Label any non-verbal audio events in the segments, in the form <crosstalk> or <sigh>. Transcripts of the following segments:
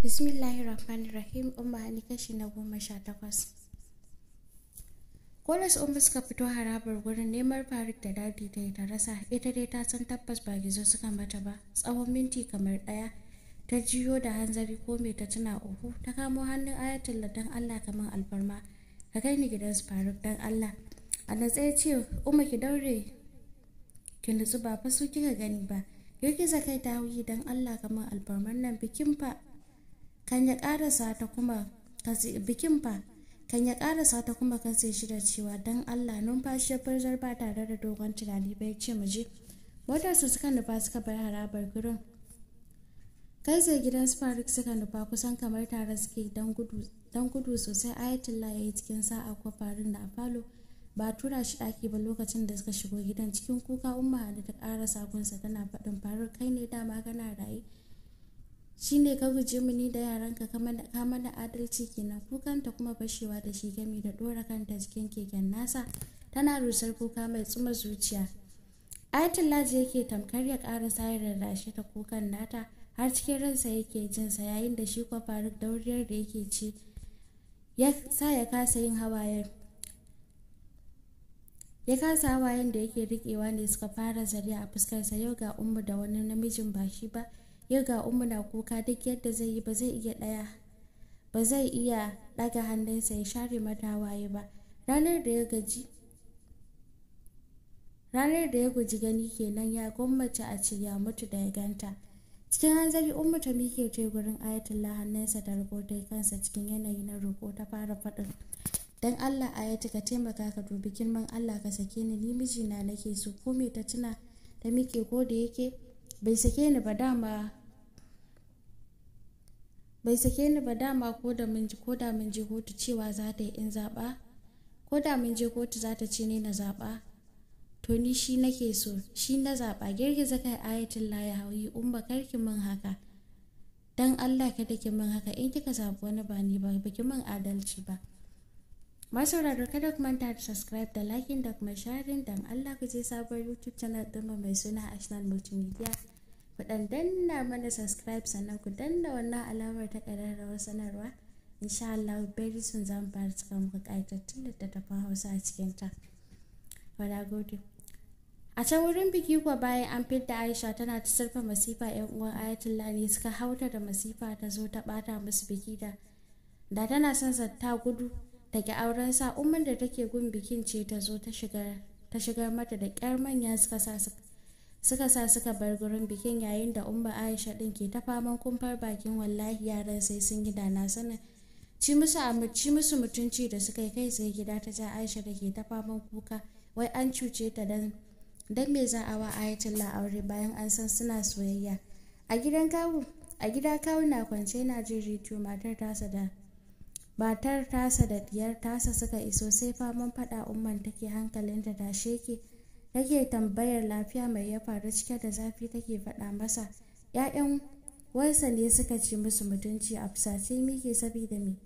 bismillahir rahmanir rahim umma ali kashi na goma sha takwas kolas umar suka fito harabar gurin neman faruk da dadi yi ta rasa ita dai ta san tabbas ba gizo suka mata ba tsawon minti kamar daya ta jiyo da hanzari ko me ta tuna uku ta kamo hannun ayatul dan allah kamar alfarma ka kai ni gidan faruk dan allah a natsaye ce umar ki daure ki nutsu ba fa su kika gani ba girgiza kai ta hauyi dan allah kamar alfarman nan bikin fa kan ya ƙarasa ta kuma bikin fa kan ya ƙarasa ta kuma kan sai shi da cewa dan allah numfashi ya farzar ba tare da dogon tunani ba ya ce mu je motarsa suka nufa suka bar harabar gurin kai sai gidan spark suka nufa kusan kamar tare suke dan gudu sosai ayatul ya yi cikin sa'a ko farin da a falo ba tura shi ɗaki ba lokacin da suka shigo gidan cikin kuka umma da ta ƙara gunsa tana faɗin farin kai ne dama kana raye shi ne ka guji muni da yaranka ka da adalci kenan kukanta kuma fashewa da shi gami da dora kanta cikin keken nasa tana rusar kuka mai tsuma zuciya laji yake tamkar ya ƙara sayar da shi ta kukan nata har cikin ransa yake jinsa yayin da shi kwa faruk dauriyar da yake ci ya sa ya kasa yin hawayen ya kasa hawayen da yake riƙewa ne suka fara zariya a fuskarsa yau ga umma da wani namijin ba shi ba ya ga umma kuka duk yadda zai yi ba zai iya daya ba zai iya ɗaga hannunsa ya share mata waye ba ranar da ya gaji ranar da ya guji gani kenan ya gwammace a ce ya mutu da ya ganta cikin hanzari umma ta mike ce gurin ayatullah hannunsa da rubuta kansa cikin yanayi na roko ta fara faɗin dan allah ta ka taimaka ka dubi girman allah ka sake ni ni mijina nake so ko me ta tuna ta mike ko da yake bai sake ni ba dama bai sake ni ba dama ko da mun ji ko da mun je kotu cewa za ta yi in zaɓa ko da mun je kotu za ta ce ni na zaɓa to ni shi nake so shi na zaɓa girgiza kai ayatul la ya yi umma karki min haka dan Allah ka take min haka in kika zaɓi wani ba ni ba baki min adalci ba masauraro kada ku manta da subscribe da liking da kuma sharing dan Allah ku je sabuwar YouTube channel ɗinmu mai suna Ashnan Multimedia ku dan danna mana subscribe sannan ku danna wannan alamar ta ƙararrawar sanarwa insha Allah very soon zan fara cika muku ƙayatattun littattafan Hausa a cikin ta wala gode a can wurin biki kuwa bayan an fidda Aisha tana ta surfa masifa yan uwan Ayatullah ne suka hauta da masifa ta zo ta bata musu biki da da tana son ta gudu daga auren sa umman da take gun bikin ce ta zo ta shigar mata da kyar manya suka sa suka sa suka bar gurin bikin yayin da umma aisha din ke ta faman kumfar bakin wallahi yaran sai sun gida na sanin ci musu mutunci da suka yi kai sai gida ta ja aisha da ke ta faman kuka wai an cuce ta dan dan me za a wa ayatullah aure bayan an san suna soyayya a gidan kawu a gida kawu na kwance na jin rediyo matar tasa da matar tasa da diyar tasa suka iso sai faman fada umman take hankalinta ta sheke yake tambayar lafiya mai ya faru cike da zafi take faɗa masa ‘ya'yan wansa ne suka ce musu mutunci a fusace mike saboda me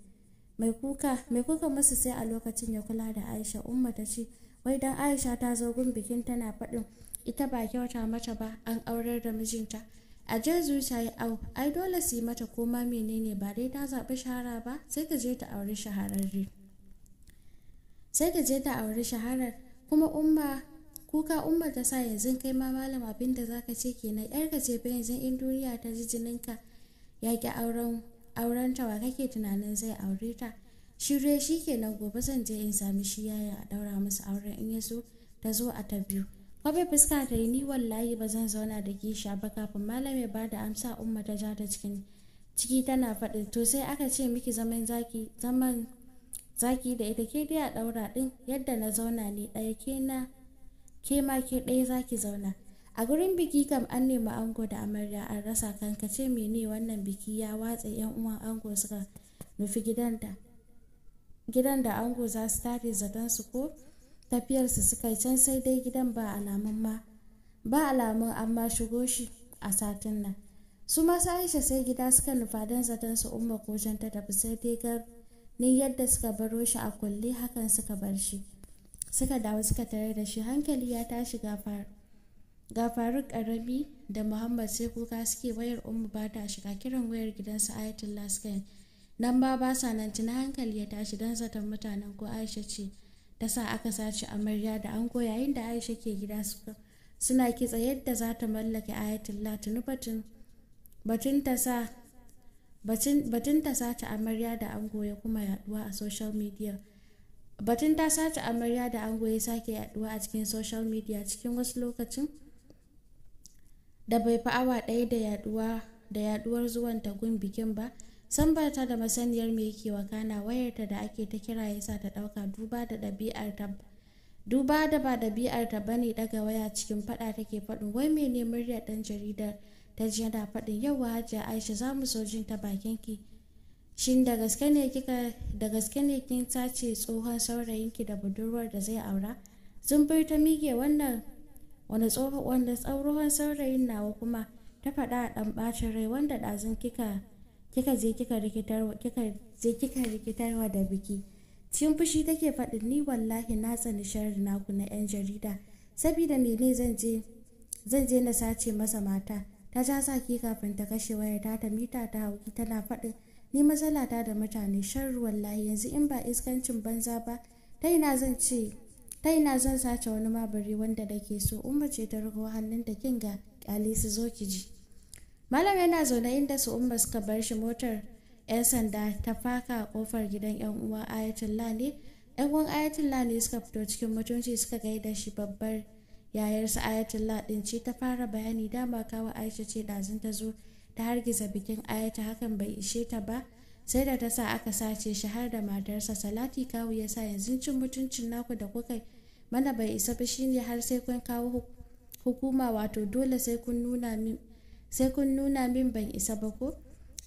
mai kuka mai kuka musu sai a lokacin ya kula da aisha umma ta ce wai dan aisha ta zo gun bikin tana faɗin ita ba kyauta mata ba an aurar da mijinta a je zuciya ya au ai dole su yi mata koma menene ba dai ta zaɓi shahara ba sai ta je ta auri shahararre sai ta ta auri shaharar kuma umma kuka umar ta sa yanzu kai ma malam abin da zaka ce kenan yar ka ce fa yanzu in duniya ta ji ka ya ki auren auren ta wa kake tunanin zai aure ta shirye shi kenan gobe zan je in sami shi yaya a daura masa auren in ya zo ta zo a ta biyu kwabe fuska ta yi ni wallahi ba zan zauna da kisha ba kafin malam ya bada amsa umma ta ja ta cikin ciki tana faɗi to sai aka ce miki zaman zaki zaman zaki da ita ke dai a ɗaura ɗin yadda na zauna ne ɗaya ke na ke ma ke ɗaya za ki zauna a gurin biki kam an nemi ango da amarya an rasa kankace mene wannan biki ya watsa yan uwan ango suka nufi gidan da ango za su tare zaton su ko tafiyar su suka can sai dai gidan ba alamun ma ba alamun an shigo shi a satin nan su masu aisha sai gida suka nufa don zaton su umma ko jan ta tafi sai dai gar ni yadda suka baro shi a kulle hakan suka bar shi suka dawo suka tare da shi hankali ya tashi ga faruk karami da muhammad sai kuka suke wayar umu ba ta shiga kiran wayar gidansa ayatul suka nan ba ba sa nan tuna hankali ya tashi don zaton mutanen ko aisha ce ta sa aka sace amarya da ango yayin da aisha ke gida suka suna kitsa yadda za ta mallake la tuni batun ta sa batun ta sace amarya da ango ya kuma yaduwa a social media batun ta sace amarya da ango ya sake yaduwa a cikin social media cikin wasu lokacin da bai fi awa ɗaya da yaduwa da yaduwar zuwan ta gun bikin ba san ta da masaniyar me yake wakana wayarta da ake ta kira yasa ta dauka duba da dabi'ar ta duba da ba ɗabi'ar ta bane daga waya cikin faɗa take faɗin wai mene muryar ɗan jaridar ta ji yana faɗin yau hajiya aisha za mu so jin ta bakin ki shin da gaske ne kin tace tsohon saurayinki da budurwar da zai aura zumbir ta mike wannan tsohon wanda tsauruwan saurayin nawa kuma ta faɗa a ɗan ɓacin rai wanda ɗazun kika kika je kika rikitar kika je kika wa da biki cikin fushi take faɗin ni wallahi na tsani sharri ku na yan jarida sabida mene zan je zan je na sace masa mata ta ja saki kafin ta kashe wayar ta ta mita ta hauki tana faɗin ni matsalata da mutane shan wallahi yanzu in ba iskancin banza ba ta ina zan zan sace wani mabari wanda da ke so umma ce ta hannun ta kin ga kyale su zo ki ji malam yana zaune inda su umma suka bar shi motar yan sanda ta faka kofar gidan yan uwa ayatullah ne yan uwan ayatullah ne suka fito cikin mutunci suka gaida shi babbar yayarsa ayatullah din ce ta fara bayani dama kawa aisha ce dazun ta zo ta hargiza bikin ayata hakan bai ishe ta ba sai da ta sa aka sace shi har da matarsa salati kawu ya sa yanzu cin mutuncin naku da kuka mana bai isa ba shine har sai kun kawo hukuma wato dole sai kun nuna min ban isa ba ko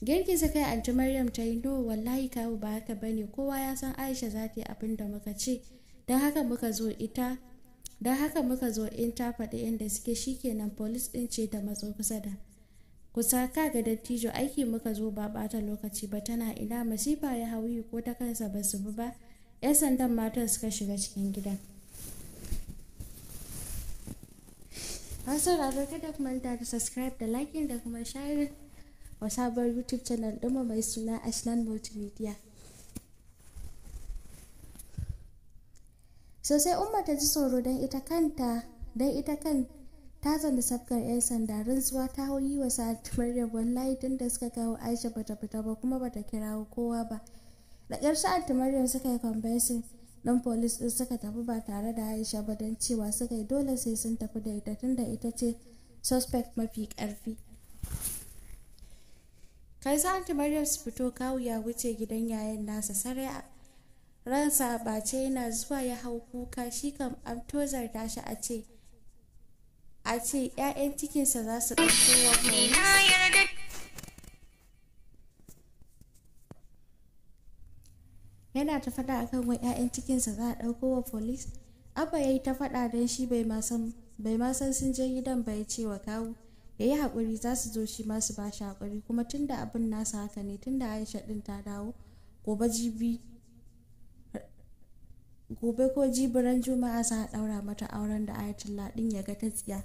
girgiza kai anti maryam ta yi no wallahi kawu ba haka ba ne kowa ya san aisha za ta yi abin da muka ce don haka muka zo ita don haka muka zo in ta faɗi inda suke shi shikenan polis ɗin ce ta matso kusa da kusa ka ga dattijo aiki muka zo ba bata lokaci ba tana ina masifa ya hauyi ko ta kansa ba su bi ba yan sandan matan suka shiga cikin gidan masu kada da kuma da subscribe da like da kuma share wa sabon youtube channel dama mai suna ashland multimedia sosai umma ta ji tsoro ita don ita kanta ta zanda safkar 'yan sanda rantsuwa ta hau yi wa sa'ad maryam wallahi tun da suka kawo aisha bata fita ba kuma bata kirawo kowa ba da ƙyar sa'ad maryam suka yi kwambesin ɗan polis din suka tafi ba tare da aisha ba don cewa suka yi dole sai sun tafi da ita tunda ita ce suspect mafi ƙarfi kai sa'ad maryam su fito kawu ya wuce gidan yayan nasa sarai ransa bace yana zuwa ya hau kuka shi kam an tashi a ce a ce 'ya'yan cikinsa za su ɗauko wa yana ta faɗa akan wa 'ya'yan cikinsa za a ɗauko wa polis abba ya yi ta faɗa don shi bai ma san sun je gidan ba ya ce wa kawu ya yi haƙuri za su zo shi ma su ba shi haƙuri kuma tunda abin nasa haka ne tunda aisha ɗin ta dawo gobe jibi gobe ko jibiran juma'a za a ɗaura mata auren da ayatollah ɗin ya ga ta tsiya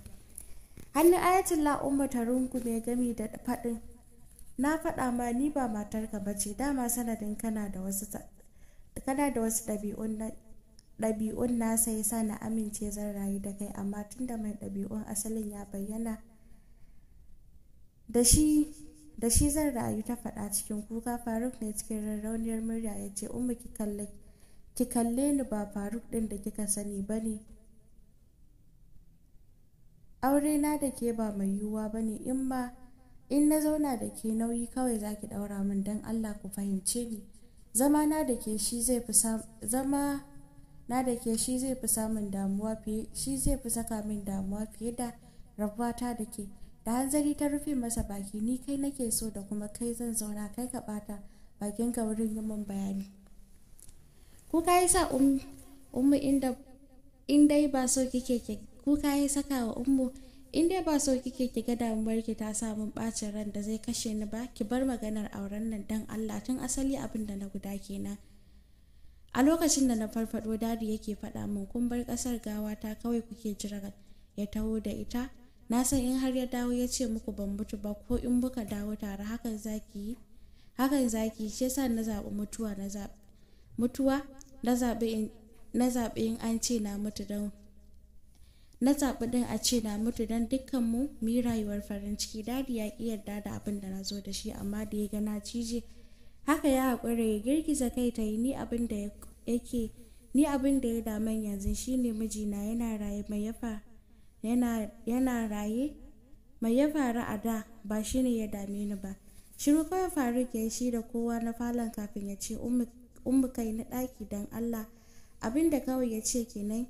hannun ayatollah umma ta rungume gami da faɗin na faɗa ma ni ba matarka ba ce dama sanadin kana da wasu kana da wasu ɗabi'un na sai sa na amince zan rayu da kai amma tunda mai ɗabi'un asalin ya bayyana da shi da shi zan rayu ta faɗa cikin kuka faruk ne cikin rarrauniyar murya ya ce umma ki kalli ki kalle ni ba faruk din da kika sani ba ne aure na da ke ba mai yiwuwa ba ne in ma in na zauna da ke nauyi kawai za ki ɗaura min don allah ku fahimce ni zama na da ke shi zai fi zama na da ke shi zai fi samun damuwa fiye shi zai fi saka min damuwa fiye da rabuwata da ke da hanzari ta rufe masa baki ni kai nake so da kuma kai zan zauna kai ka bata bakin ka wurin yi min bayani kuka yi sa umu inda in dai ba so kike kuka yi saka wa umu in dai ba so kike ki ga damuwar ki ta samun bacin ran da zai kashe ni ba ki bar maganar auren nan dan Allah tun asali abin da na guda kenan a lokacin da na farfado dadi yake faɗa min kun bar ƙasar gawa ta kawai kuke jira ya taho da ita na san in har ya dawo ya ce muku ban mutu ba ko in buka dawo tare hakan zaki hakan zaki shi yasa na zaɓi mutuwa na zaɓi mutuwa na zaɓi in an ce na mutu don na zaɓi ɗin a ce na mutu don dukkan mu mu rayuwar farin ciki dadi ya ƙi yarda da abin da na zo da shi amma da ya gana cije haka ya haƙura ya girgiza kai ta yi ni abin da yake ni abin ya dama yanzu shine mijina yana raye mai ya faru a da ba shine ya dame ni ba shiru kawai faruk ya shi da kowa na falon kafin ya ce ummu kai na ɗaki don allah abinda kawai ya ce kenan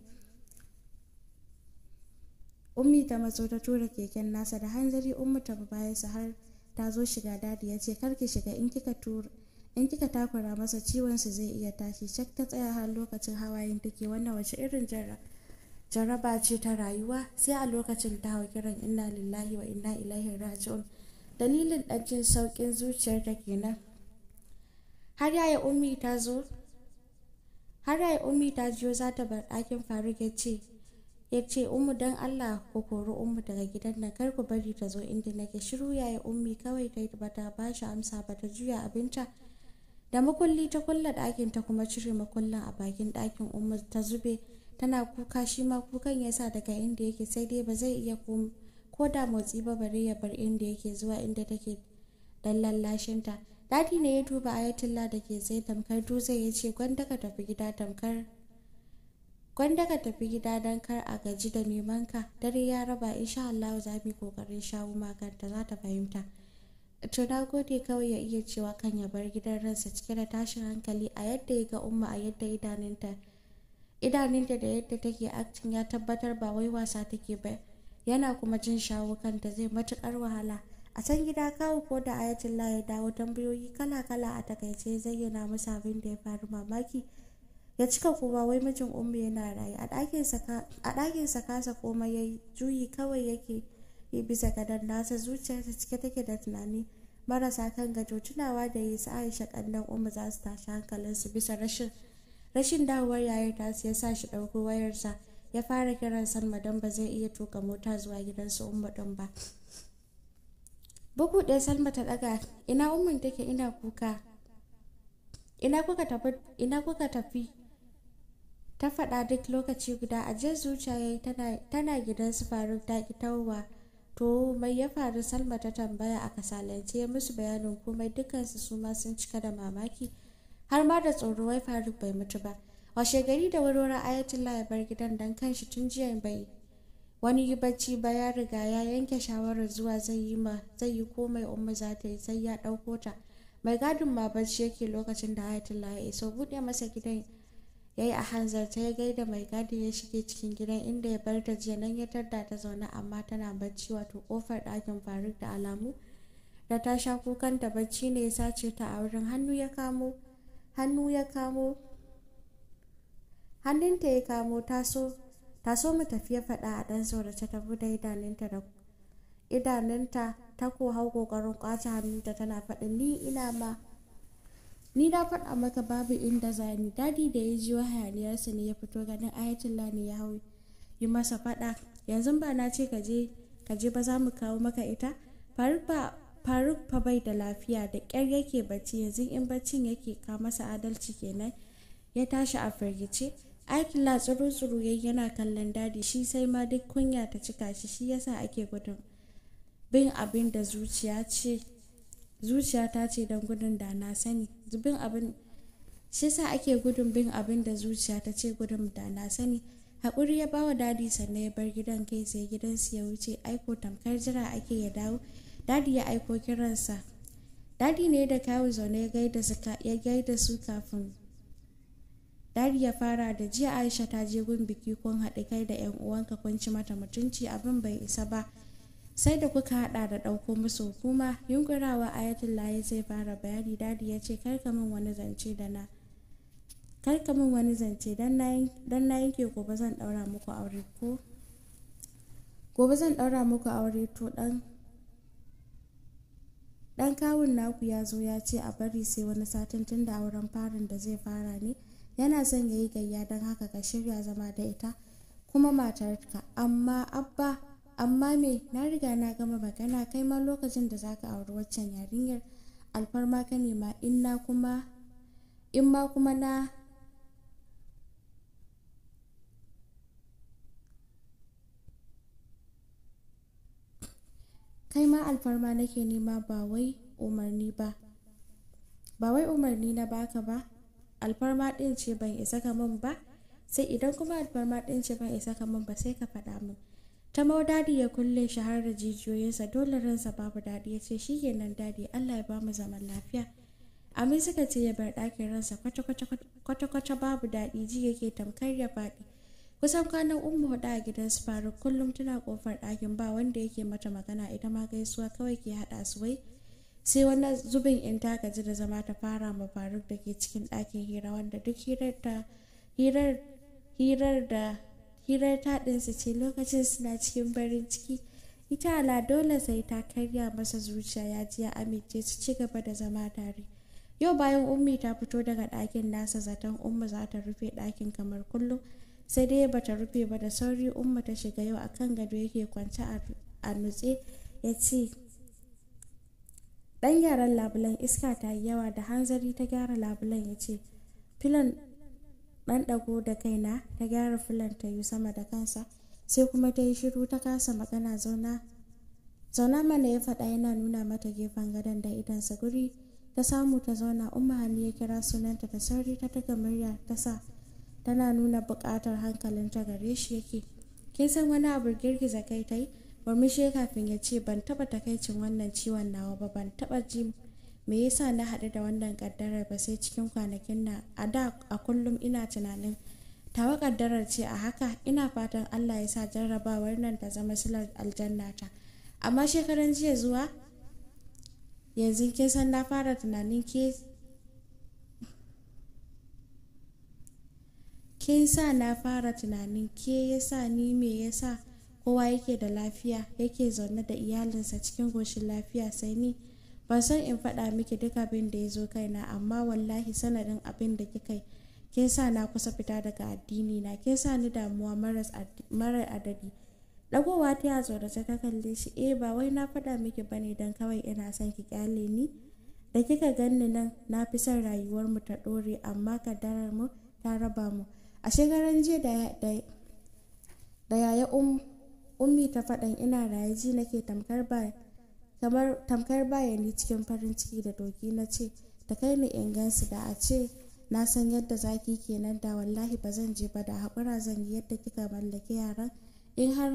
ummi ta matso ta tura keken nasa da hanzari ummi ta sa har ta zo shiga dadi ya ce ki shiga in kika tura in kika takura masa ciwon su zai iya tashi cak ta tsaya har lokacin hawayen take wannan wace irin jarra jaraba ce ta rayuwa sai a lokacin ta hau kiran inna lillahi wa inna ilaihi raji'un dalilin ɗancin sauƙin zuciyar ta kenan har yaya ummi ta zo har yaya ummi ta jiyo za ta bar ɗakin faruk ya ce ya ce ummu don allah ku kori ummu daga gidan nan kar ku bari ta zo inda nake shiru yaya ummi kawai ta ba ta ba shi amsa ba ta juya abinta da makulli ta kulla ɗakin ta kuma cire makullin a bakin ɗakin ummu ta zube tana kuka shi ma kukan ya sa daga inda yake sai dai ba zai iya ko da motsi ba bare ya bar inda yake zuwa inda take dan lashinta. ladi ne ya duba ayatullah da ke sai tamkar dutse ya ce gwanda tafi gida tamkar gwandaka tafi gida don kar a gaji da neman ka dare ya raba insha Allah za mu kokarin shawo maganta za ta fahimta to na gode kawai ya iya cewa kan ya bar gidan ransa cike da tashin hankali a yadda ya ga umma a yadda idanunta idaninta da yadda take acting ya tabbatar ba wai wasa take ba yana kuma jin shawo kanta zai matukar wahala a can gida kawo ko da ayatollah ya dawo tambayoyi kala-kala a takaice zayyana masa abin da ya faru mamaki ya cika kuma wai mijin ummi yana raye a sa kasa komai ya juyi kawai yake yi bisa gadon nasa zuciyarsa cike take da tunani marasa kan gado tunawa da yi aisha kallon ummi za su tashi hankalin su bisa rashin rashin dawowar yayar yasa ya sa shi ɗauko wayarsa ya fara kiran salma don ba zai iya tuka mota zuwa gidansu ummi ɗin ba buku ɗaya salma ta ɗaga ina umman take ina kuka ina kuka tafi ina kuka tafi ta faɗa duk lokaci guda a jiya zuciya yayi tana gidan su faru ta ki tauwa to mai ya faru salma ta tambaya a kasalance ya musu bayanin komai dukansu su ma sun cika da mamaki har ma da tsoro wai faruk bai mutu ba washe gari da wurwurin ayatullah ya bar gidan dan kanshi tun jiya bai wani yi bacci ba ya riga ya yanke shawarar zuwa zai yi ma zai yi komai umma za ta yi sai ya ɗauko ta mai gadin ma bacci yake lokacin da ayatollah ya iso buɗe masa gidan ya yi a hanzarta ya gaida mai gadin ya shige cikin gidan inda ya bar ta jiya nan ya tarda ta zaune amma tana bacci wato kofar ɗakin faruk da alamu da ta sha kukan ta bacci ne ya sace ta a wurin hannu ya kamo hannu ya kamo hannunta ya kamo taso. taso mu tafi ya faɗa a ɗan saurace ta da idanunta da idanunta ta ko hau ƙoƙarin ƙwace hannunta tana faɗin ni ina ma ni na faɗa maka babu inda zani dadi da ya ji su ne ya fito ganin ayatullah ne ya hau yi masa faɗa yanzu ba na ce ka je ka je ba za mu kawo maka ita faruk ba faruk fa bai da lafiya da ƙyar yake bacci yanzu in baccin yake ka masa adalci kenan ya tashi a firgice akila tsuru-tsuru ya yana kallon dadi shi sai ma duk kunya ta cika shi shi yasa ake gudun bin abin da zuciya ce zuciya ta ce don gudun da na sani zubin abin shi yasa ake gudun bin abin da zuciya ta ce gudun da na sani haƙuri ya bawa dadi sannan ya bar gidan kai sai gidansu ya wuce aiko tamkar jira ake ya dawo dadi ya aiko kiransa dadi ne da kawo zaune ya gaida su kafin Dari ya fara da jiya Aisha ta je gun biki kun haɗe kai da 'yan uwanka kun ci mata mutunci abin bai isa ba. Sai da kuka haɗa da ɗauko musu hukuma yunkurawa layi zai fara bayani dadi ya ce karka min wani zance da na karka min wani zance dan na yanke gobe zan ɗaura muku aure ko gobe zan ɗaura muku aure to ɗan dan kawun naku ya zo ya ce a bari sai wani satin tun da auren farin da zai fara ne yana son ya yi gayya don haka ka shirya zama da ita kuma matarka amma abba amma me na riga na gama magana kai ma lokacin da zaka auri waccan yarinyar alfarma ka nema in na kuma in ma kuma na kai ma alfarma nake nema ba wai umarni ba ba wai umarni na baka ba alfarma ɗin ce ban isa ka min ba sai idan kuma alfarma ɗin ce ban isa ka min ba sai ka faɗa min ta mau dadi ya kulle shi har da jijiyoyinsa dole ransa babu dadi ya ce shi kenan dadi allah ya bamu zaman lafiya amin suka ce ya bar ɗakin ransa kwata-kwata babu dadi ji yake tamkar ya faɗi kusan kwanan umma hudu a gidan su faru kullum tana kofar ɗakin ba wanda yake mata magana ita ma gaisuwa kawai ke haɗa su wai sai wani zubin in ta gaji da zama ta fara ma faruk da ke cikin ɗakin hira wanda duk hirar da hirar ta taɗinsa ce lokacin suna cikin barin ciki ita ala dole sai ta karya masa zuciya ya ji ya amince su ci gaba da zama tare yau bayan ummi ta fito daga ɗakin nasa zaton umma za ta rufe ɗakin kamar kullum sai dai ba ta rufe ba da sauri umma ta shiga yau a kan gado yake kwance a nutse ya ce dan gyaran labulen iska ta yi yawa da hanzari ta gyara labulen ya ce filan dan dago da kaina ta gyara filan ta yi sama da kansa sai kuma ta yi shiru ta kasa magana zauna zauna mana ya faɗa yana nuna mata gefen gadon da idansa guri ta samu ta zauna umma hannu ya kira sunanta da sauri ta daga murya ta sa tana nuna buƙatar hankalinta gare shi yake kin san wani abu girgiza kai ta yi murmushi kafin ya ce ban taba takaicin wannan ciwon nawa ba ban taba ji me yasa na haɗu da wannan kaddarar ba sai cikin kwanakin nan a da a kullum ina tunanin tawa ƙaddarar ce a haka ina fatan allah ya sa jarrabawar nan ta zama silar aljannata amma shekaran jiya zuwa yanzu kin san na fara tunanin ke kin sa na fara tunanin ke yasa ni me yasa kowa yake da lafiya yake zaune da iyalinsa cikin goshin lafiya sai ni ban san in faɗa miki duk abin da ya zo kaina amma wallahi sanadin abin da kika kin sa na kusa fita daga addini na ke sa ni damuwa marar adadi dagowa ta ya da ta kalle shi eh ba wai na faɗa miki bane don kawai ina son ki kyale ni da kika ganni nan na fi son rayuwar mu ta ɗore amma kadarar mu ta raba mu a shekaran jiya da yaya um ummi ta faɗan ina raye ji nake tamkar ba kamar tamkar bayani cikin farin ciki da doki na ce ta kai ni in gansu da a ce na san yadda zaki kenan da wallahi ba zan je ba da haƙura zan yi yadda kika mallaki yaran in har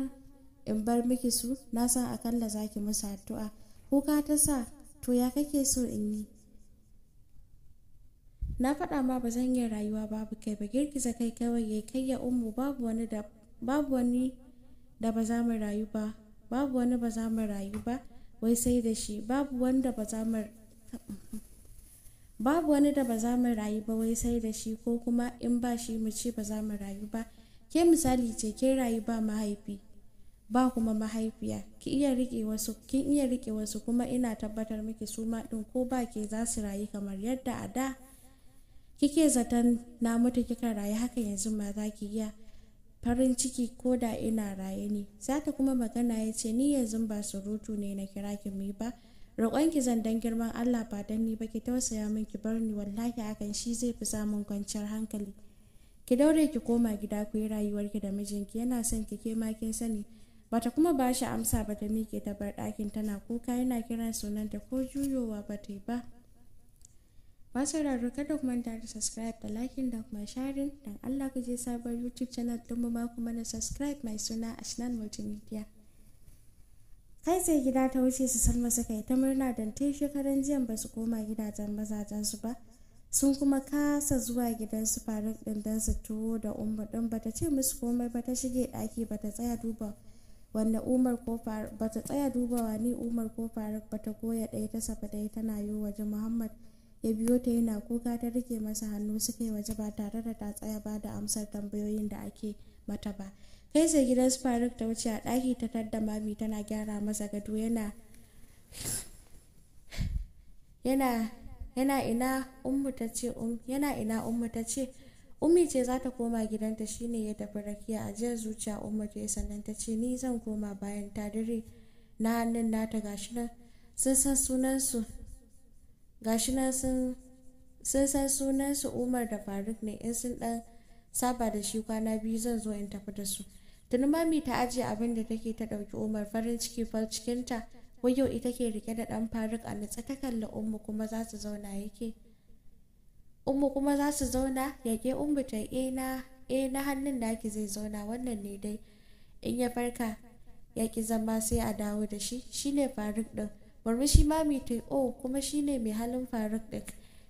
in bar miki su na san akalla zaki musu addu'a kuka ta sa to ya kake so in yi na faɗa ma ba zan yi rayuwa babu kai ba girgiza kai kawai ya kai ya umu babu wani da babu wani da ba za mu rayu ba babu wani ba za mu rayu ba wai sai da shi babu wanda ba za mu <laughs> babu wani da ba za mu rayu ba wai sai da shi ko kuma in ba shi mu ce ba za mu rayu ba ke misali ce kin rayu ba mahaifi ba kuma mahaifiya ki iya rike wasu kin iya rike wasu kuma ina tabbatar miki su ma din ko ba ke za su rayu kamar yadda a da kike zaton na mutu kika rayu haka yanzu ma za ki iya farin ciki ko da ina raye ne za ta kuma magana ya ce ni yanzu ba surutu ne na kira ki mi ba roƙonki zan dan girman Allah ba dan ni ba ki tausaya min ki bar ni wallahi hakan shi zai fi samun kwanciyar hankali ki daure ki koma gida ku yi rayuwarki da mijinki yana son ki ke makin kin sani bata kuma ba shi amsa ba ta miƙe ta bar ɗakin tana kuka yana kiran sunanta ko juyowa ba ta yi ba masu sauraro kada kuma da da subscribe da liking da kuma sharing don Allah ku je sabuwar YouTube channel din mu ma kuma na subscribe mai suna Ashnan Multimedia. Kai sai gida ta wuce su san masu kai ta murna don tun shekaran jiyan ba su koma gidajen mazajen su ba. Sun kuma kasa zuwa gidan su faruk din don su tuwo da umma din ba ta ce musu komai ba ta shige ɗaki ba ta tsaya duba wanda umar ko ba ta tsaya dubawa ni umar ko faruk ba ta goya ɗaya ta safa ɗaya tana yi waje muhammad ya biyo ta yana kuka ta rike masa hannu suka yi waje ba tare da ta tsaya ba da amsar tambayoyin da ake mata ba kai sai gidan faruk ta wuce a ɗaki ta tadda mami tana gyara masa gado yana yana yana ina ummu ta ce um, yana ina ummu ta ce ummi ce za ta koma gidanta shine ya tafi rakiya a jiya zuciya ummu ta sannan ta ce ni zan koma bayan ta dare na hannun nata gashi nan sun san sunansu gashi sun san sunan su umar da faruk ne in sun dan saba da shi kwana biyu zan zo in tafi da su tuni mami ta ajiye abin da take ta dauki umar farin ciki fal cikinta wai ita ke rike da dan faruk a nutsa ta kalli ummu kuma za su zauna yake ummu kuma za su zauna yake ummu ta e na e na hannun ake zai zauna wannan ne dai in ya farka ya ki zama sai a dawo da shi shine faruk ɗin Oh, shi ma mai ta o kuma kuma shine mai halin faruk din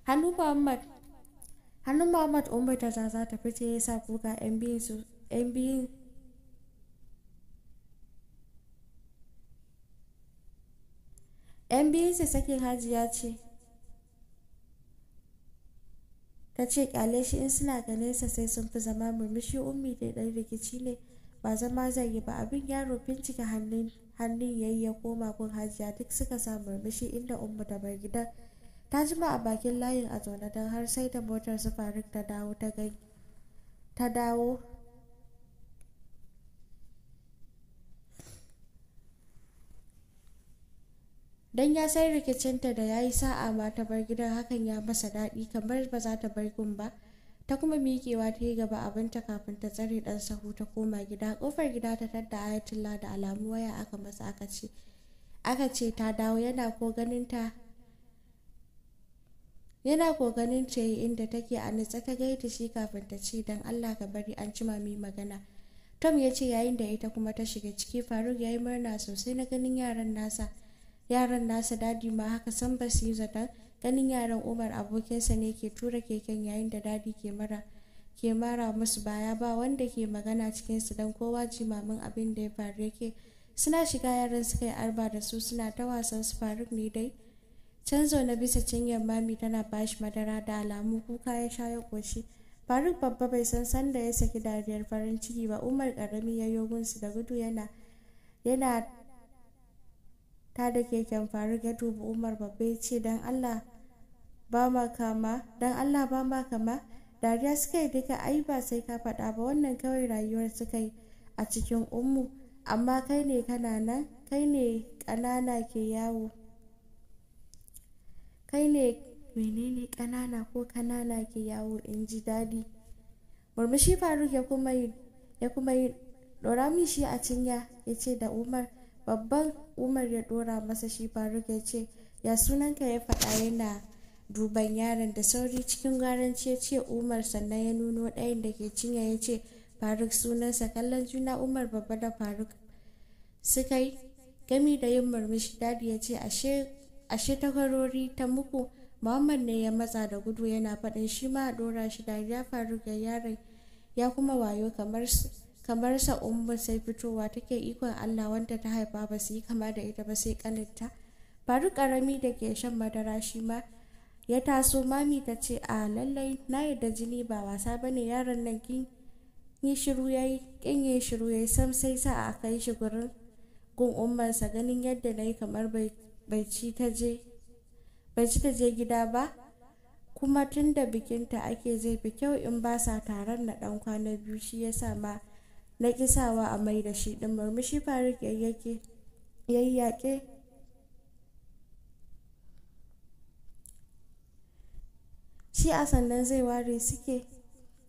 hannun muhammad muhammad umar ta za ta fice ya sa kuka yan biyun su yan biyun yan ce ta ce kyale shi in suna ganin sa sai sun fi zama murmushi ummi da ɗan rikici ne ba zama zai yi ba abin yaro bincika hannun hannun yi ya koma kun hajiya duk suka sa murmushi inda umma ta bar gidan ta jima a bakin layin a zaune don har sai da motar su faruk ta dawo ta gai ta dawo don ya san rikicinta da ya yi sa'a ma ta bar gidan hakan ya masa daɗi kamar ba za ta bar gun ba ta kuma miƙewa ta yi gaba abinta kafin ta tsare ɗan sahu ta koma gida ƙofar gida ta tadda ayatullah da alamu waya aka masa aka ce aka ce ta dawo yana ko ganin ta yana ta ce inda take a nitsa ta gaita shi kafin ta ce dan allah ka bari an ci mami magana tom ya ce yayin da ita kuma ta shiga ciki faruk ya yi murna sosai na ganin yaran nasa yaran nasa dadi ma haka san ba su yi zaton ganin yaran umar abokinsa ne ke tura keken yayin da dadi ke mara ke mara musu baya ba wanda ke magana cikin su don kowa jimamin abin da ya faru yake suna shiga yaran suka yi arba da su suna ta wasan su faruk ne dai canzo na bisa cinyar mami tana bashi madara da alamu kuka ya sha ya koshi faruk babba bai san sanda ya saki dariyar farin ciki ba umar karami ya yi yogunsu da gudu yana ta da keken faru ya dubi umar babba ya ce don allah ba ma kama don allah ba ma kama dariya suka yi duka ai ba sai ka faɗa ba wannan kawai rayuwar suka yi a cikin ummu amma kai ne kana nan kai ne ƙanana ke yawo kai ne menene ƙanana ko ƙanana ke yawo in ji daɗi murmushi faruk ya kuma yi ya kuma yi ɗora shi a cinya ya ce da umar babban umar ya dora masa shi faruk ya ce ya sunanka ya faɗa yana duban yaron da sauri cikin garanci ya ce umar sannan ya nuno ɗayan da ke cinya ya ce faruk sunansa kallon juna umar babba da faruk suka yi gami da yin murmushi dadi ya ce ashe takwarori ta muku muhammad ne ya matsa da gudu yana faɗin shi ma a ɗora shi ya faruk ya yaron ya kuma wayo kamar su kamar sa ummu sai fitowa take ikon allah wanda ta haifa ba su kama da ita ba sai kaninta faru karami da ke shan madara shi ma ya taso mami ta ce a lallai na yadda jini ba wasa ba ne yaron nan kin yi shiru ya yi kin yi shiru ya sam sai sa a kai shi gurin gun umarsa ganin yadda na yi kamar bai ci ta je gida ba kuma tun da bikinta ake zai fi kyau in ba sa taron na dan kwana biyu shi ya sa ma na kisawa a mai da shi ɗin murmushi faruk yayyake shi a sannan zai ware suke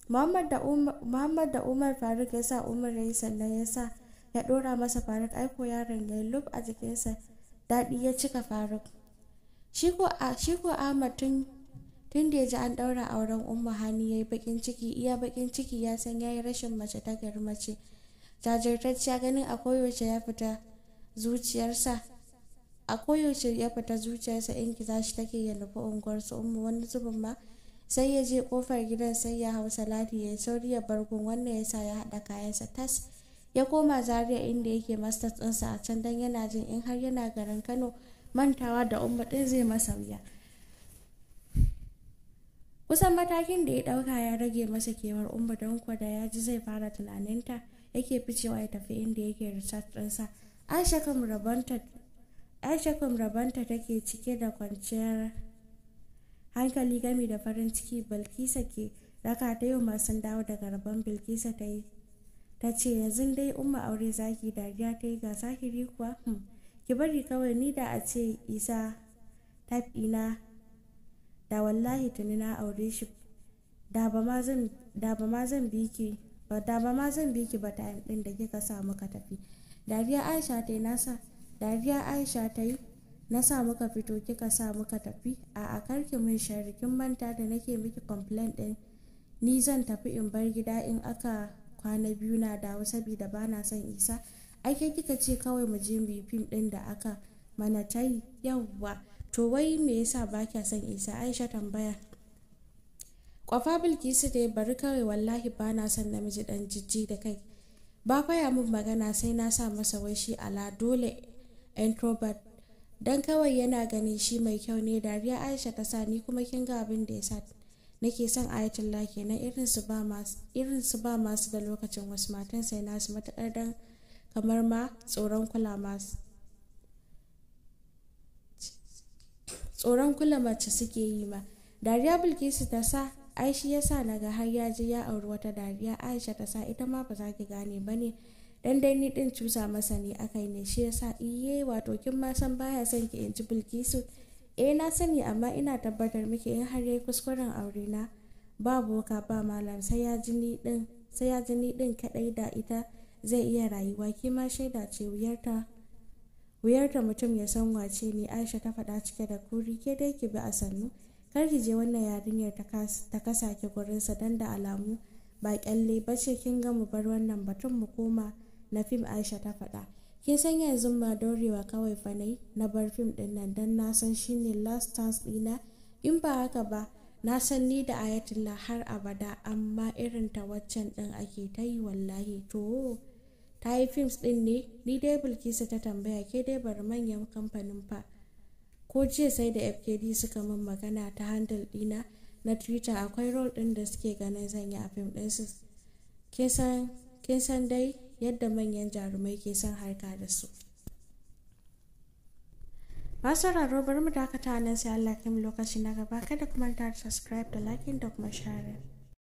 muhammad da umar faruk ya sa umar ya yi sannan ya sa ya ɗora masa faruk aiko yaron ya yi lub a jikinsa daɗi ya cika faruk shi ko ahmad tun tun da ya ji an ɗaura auren umma hani ya yi bakin ciki iya bakin ciki ya san ya yi rashin mace ta gari mace jajirtacciya ganin a koyaushe ya fita zuciyarsa a koyaushe ya fita zuciyarsa in ki shi take ya nufi unguwarsu umma wani zubin ma sai ya je kofar gidan sai ya hau salati ya sauri ya bargun wannan ya sa ya haɗa kayansa tas ya koma zaria inda yake masters ɗinsa a can don yana jin in har yana garin kano mantawa da umma ɗin zai masa wuya. kusan matakin da ya ɗauka ya rage masa kewar umma don kwada ya ji zai fara tunaninta yake ficewa ya tafi inda yake richard ɗinsa aisha kam rabanta take cike da kwanciyar hankali gami da farin ciki bilkisa ke raka ta yau masu dawo daga rabon bilkisa ta yi ta ce yanzu dai umma aure zaki dariya ta yi ga zahiri kuwa hmm, ki bari kawai ni da a ce isa tafi ina da wallahi tuni na aure shi da ba ma zan bi ki ba da ba ma zan bi ba ta din da kika sa muka tafi dariya aisha ta yi nasa biya aisha ta yi na sa muka fito kika sa muka tafi a a karki mun sharikin manta da nake miki complaint din ni zan tafi in bar gida in aka kwana biyu na dawo saboda ba na son isa kai kika ce kawai mu je mu yi fim din da aka mana tai yawwa to wai me yasa ba kya son isa aisha tambaya kwafa bilkisu dai bari kawai wallahi ba na son namiji dan jijji da kai ba faya min magana sai na sa masa wai shi ala dole introvert dan kawai yana ganin shi mai kyau ne dariya aisha ta sa ni kuma kin ga abin da ya sa nake son ayatullah kenan irin su ba masu irin su ba masu da lokacin wasu matan sai nasu matakar dan kamar ma tsoron kula masu tsoron kula mace suke yi ma dariya bilkisu ta sa aishi ya sa naga har ya je ya auri wata dariya aisha ta sa ita ma ba za ki gane ba ne dan dai ni din cusa masa ne akai ne shi yasa iye wato kin ma san baya son ki in ji bilkisu eh na sani amma ina tabbatar miki in har yayi kuskuren aure na ba boka ba malam sai ya ji ni din sai ya ji ni din kadai da ita zai iya rayuwa ki ma shaida ce wuyarta wuyar da mutum ya san wace ne aisha ta faɗa cike da kuri ke dai ki bi a sannu kar ki je wannan yarinyar ta kasa ki gurinsa don da alamu ba kyalle ba ce kin ga mu bar wannan batun mu koma na fim aisha ta faɗa kin san yanzu ma dorewa kawai fa na bar fim ɗinnan nan don na san shine last chance ɗina in ba haka ba na san ni da ayatullah har abada amma irin ta waccan ɗin ake ta yi wallahi to ta yi films ɗin ne ni dai bilkisu ta tambaya ke dai bari manyan kamfanin fa ko jiya sai da fkd suka min magana ta handle ɗina na twitter akwai rol ɗin da suke ganin zan yi a fim su kin san dai yadda manyan jarumai ke son harka da su masararo bari mu dakata nan sai allah kim lokaci na gaba kada kuma ta subscribe da liking da kuma share